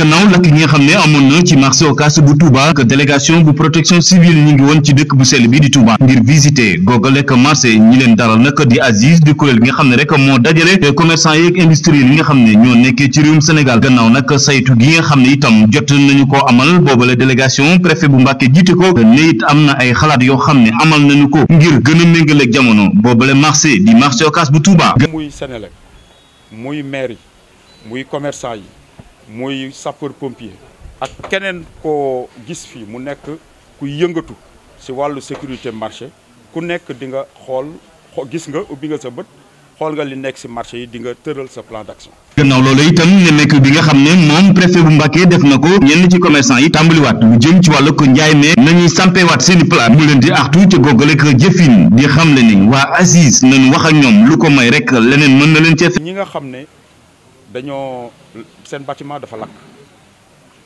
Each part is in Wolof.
gannaaw lakk gi nga xam ne amoon na ci marché Ocass bu Touba que bu protection civile ñu woon ci dëkk bu sell bi di Touba ngir visiter googale que marché ñi leen daral nag di Aziz di kuréel gi nga xam ne rek moo dajale commerçant yeeg industrie nga xam ne ñoo nekkee ci réewum Sénégal gannaaw nag saytu gi nga xam ne itam jot nañu koo amal boobale délégation préfet bu Mbàkke jiite ko ne it am na ay xalaat yoo xam ne amal nañu ko ngir gën a méngaleeg jamono boobale marché di marché Ocass bu Touba muy Sénélec muy maire yi muy commerçant yi muy sapeur pompier ak keneen koo gis fii mu nekk ku yëngatu si wàllu sécurité marché ku nekk di nga xool gis nga ubbi nga sa bët xool nga li nekk si marché yi di nga tëral sa plan d'action. gannaaw loolu itam ne mekk bi nga xam ne moom préfet bu Mbacké def na ko ñenn ci commerçant yi tàmbaliwaat lu jëm ci wàllu ko njaay mee nañuy sampewaat seen i plat mu leen di axtu ca googale ak jëfin di xam le ni waa assise nañu wax ak ñoom lu ko may rek leneen mën na leen cee. ñi nga xam ne dañoo seen batiment dafa lakk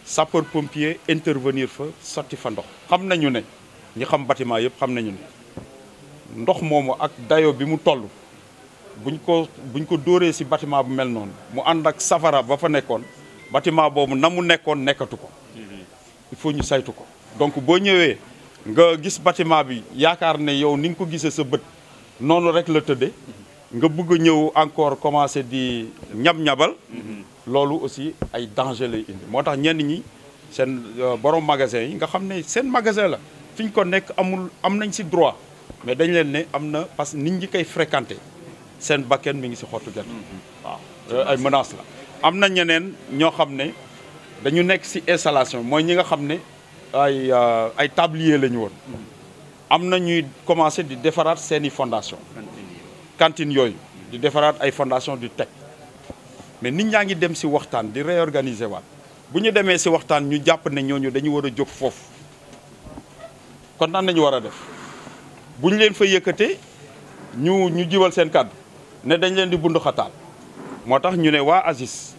sapeur pompier intervenir fa sotti fa ndox xam nañu ne ñi xam bâtiment yëpp xam nañu ne ndox moomu ak dayo bi mu toll buñ ko buñ ko dóoree si batiment bu mel noonu mu ànd ak safara ba fa nekkoon batiment boobu na mu nekkoon nekkatu ko il faut ñu saytu ko donc boo ñëwee nga gis batiment bi yaakaar ne yow ni nga ko gisee sa bët noonu rek la tëddee nga bëgg a ñëw encore commencé di ñab-ñabal mm-hmm. loolu aussi ay danger lay indi moo tax ñenn ñi seen euh, borom magasin yi nga xam ne seen magasin la fi ñu ko nekk amul am nañ si droit mais dañ leen ne am na parce que nit ñi koy fréquenté seen bakken mi ngi si xottu gerte mm-hmm. waaw ay menace la am na ñeneen ñoo xam ne dañu nekk si installation mooy ñi nga xam ne ay euh, ay tablier lañu woon mm-hmm. am na ñuy commencé di defaraat seeni fondation cantine yooyu di defaraat ay fondation du teg mais nit ñaa ngi dem si waxtaan di réorganiser waat bu ñu demee si waxtaan ñu jàpp ne ñooñu dañu war a jóg foofu kon nan nañu war a def bu ñu leen fa yëkkatee ñu ñu jiwal seen kàddu ne dañ leen di bunduxataal moo tax ñu ne waa ASIS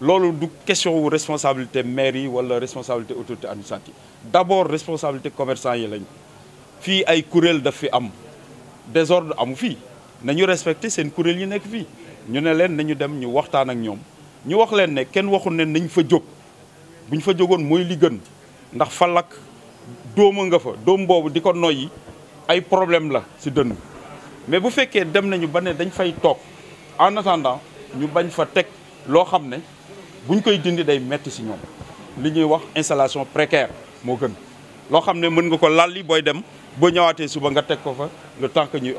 loolu du question wu responsabilité maire yi wala responsabilité autorité administrative d'abord responsabilité commerçant yi lañ fii ay kuréel daf fi am désordre amu fii nañu respecté seen kuréel yi nekk fii ñu ne leen nañu dem ñu waxtaan ak ñoom ñu wax leen ne kenn waxu ne nañ fa jóg bu ñu fa jógoon mooy li gën ndax doom a nga fa doom boobu di ko noyyi ay problème la si dënn mais bu fekkee dem nañu ba ne dañ fay toog en attendant ñu bañ fa teg loo xam ne buñ koy dindi day metti si ñoom li ñuy wax installation précaire moo gën loo xam ne mën nga ko lalli booy dem boo ñëwaatee suba nga teg ko fa le temps que ñuy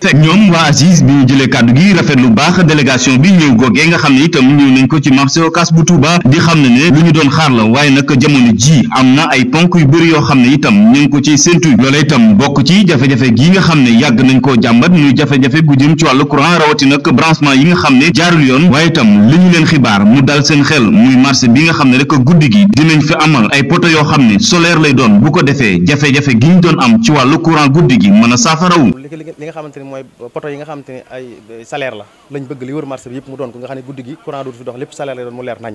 fekk ñoom waa ASIS bi ñu jëlee kàddu gi rafet lu baax délégation bi ñëw googee nga xam ne itam ñëw nañ ko ci marché Ocass bu Touba di xam ne ne lu ñu doon xaar la waaye nag jamono ji am na ay ponk yu bëri yoo xam ne itam ñu ko ciy séntu loola itam bokk ci jafe-jafe gi nga xam ne yàgg nañ koo jàmbat muy jafe-jafe gu jëm ci wàllu courant rawati nag branchement yi nga xam ne jaarul yoon waaye itam li ñu leen xibaar mu dal seen xel muy marché bi nga xam ne rek guddi gi dinañ fi amal ay poto yoo xam ne solaire lay doon bu ko defee jafe gi lu courant guddi gi mën a saafarawu li nga xamante ni mooy poto yi nga xamante ni ay salaire la lañ bëgg li wër marché bi yëpp mu doon ko nga xam ne guddi gi courant dootu fi dox lépp salaire la doon mu leer nañ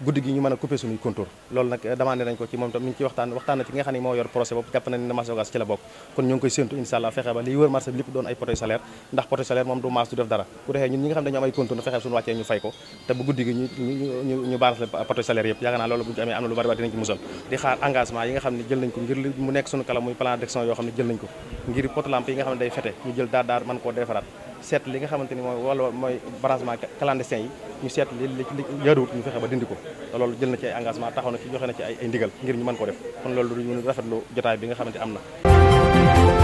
guddi gi ñu mën a couper suñuy contour loolu nag eh, demandé nañ ko ci moom tam mi ci waxtaan waxtaan na ci nga xam ne moo yor projet boobu jàpp na ne marché Ocass ci la bokk bi lépp doon ay poteau solaire ndax poteau solaire moom du maas du def dara bu guddi gi ñu loolu bu ñu am na lu bari bari dinañ ci musal di xaar engagement yi nga xam ne jël nañ ko ngir mu nekk suñu kala plan d'action yoo xam ne jël nañ ko ngir poteau yi nga xam ne day fete seet li nga xamante ni mooy wala mooy branchement clandestin yi ñu seet li li ñu fexe ba dindi ko loolu jël na ci ay engagement taxaw na ci joxe na ci ay ndigal ngir ñu mën ko def kon loolu du ñu rafetlu jotaay bi nga xamante am na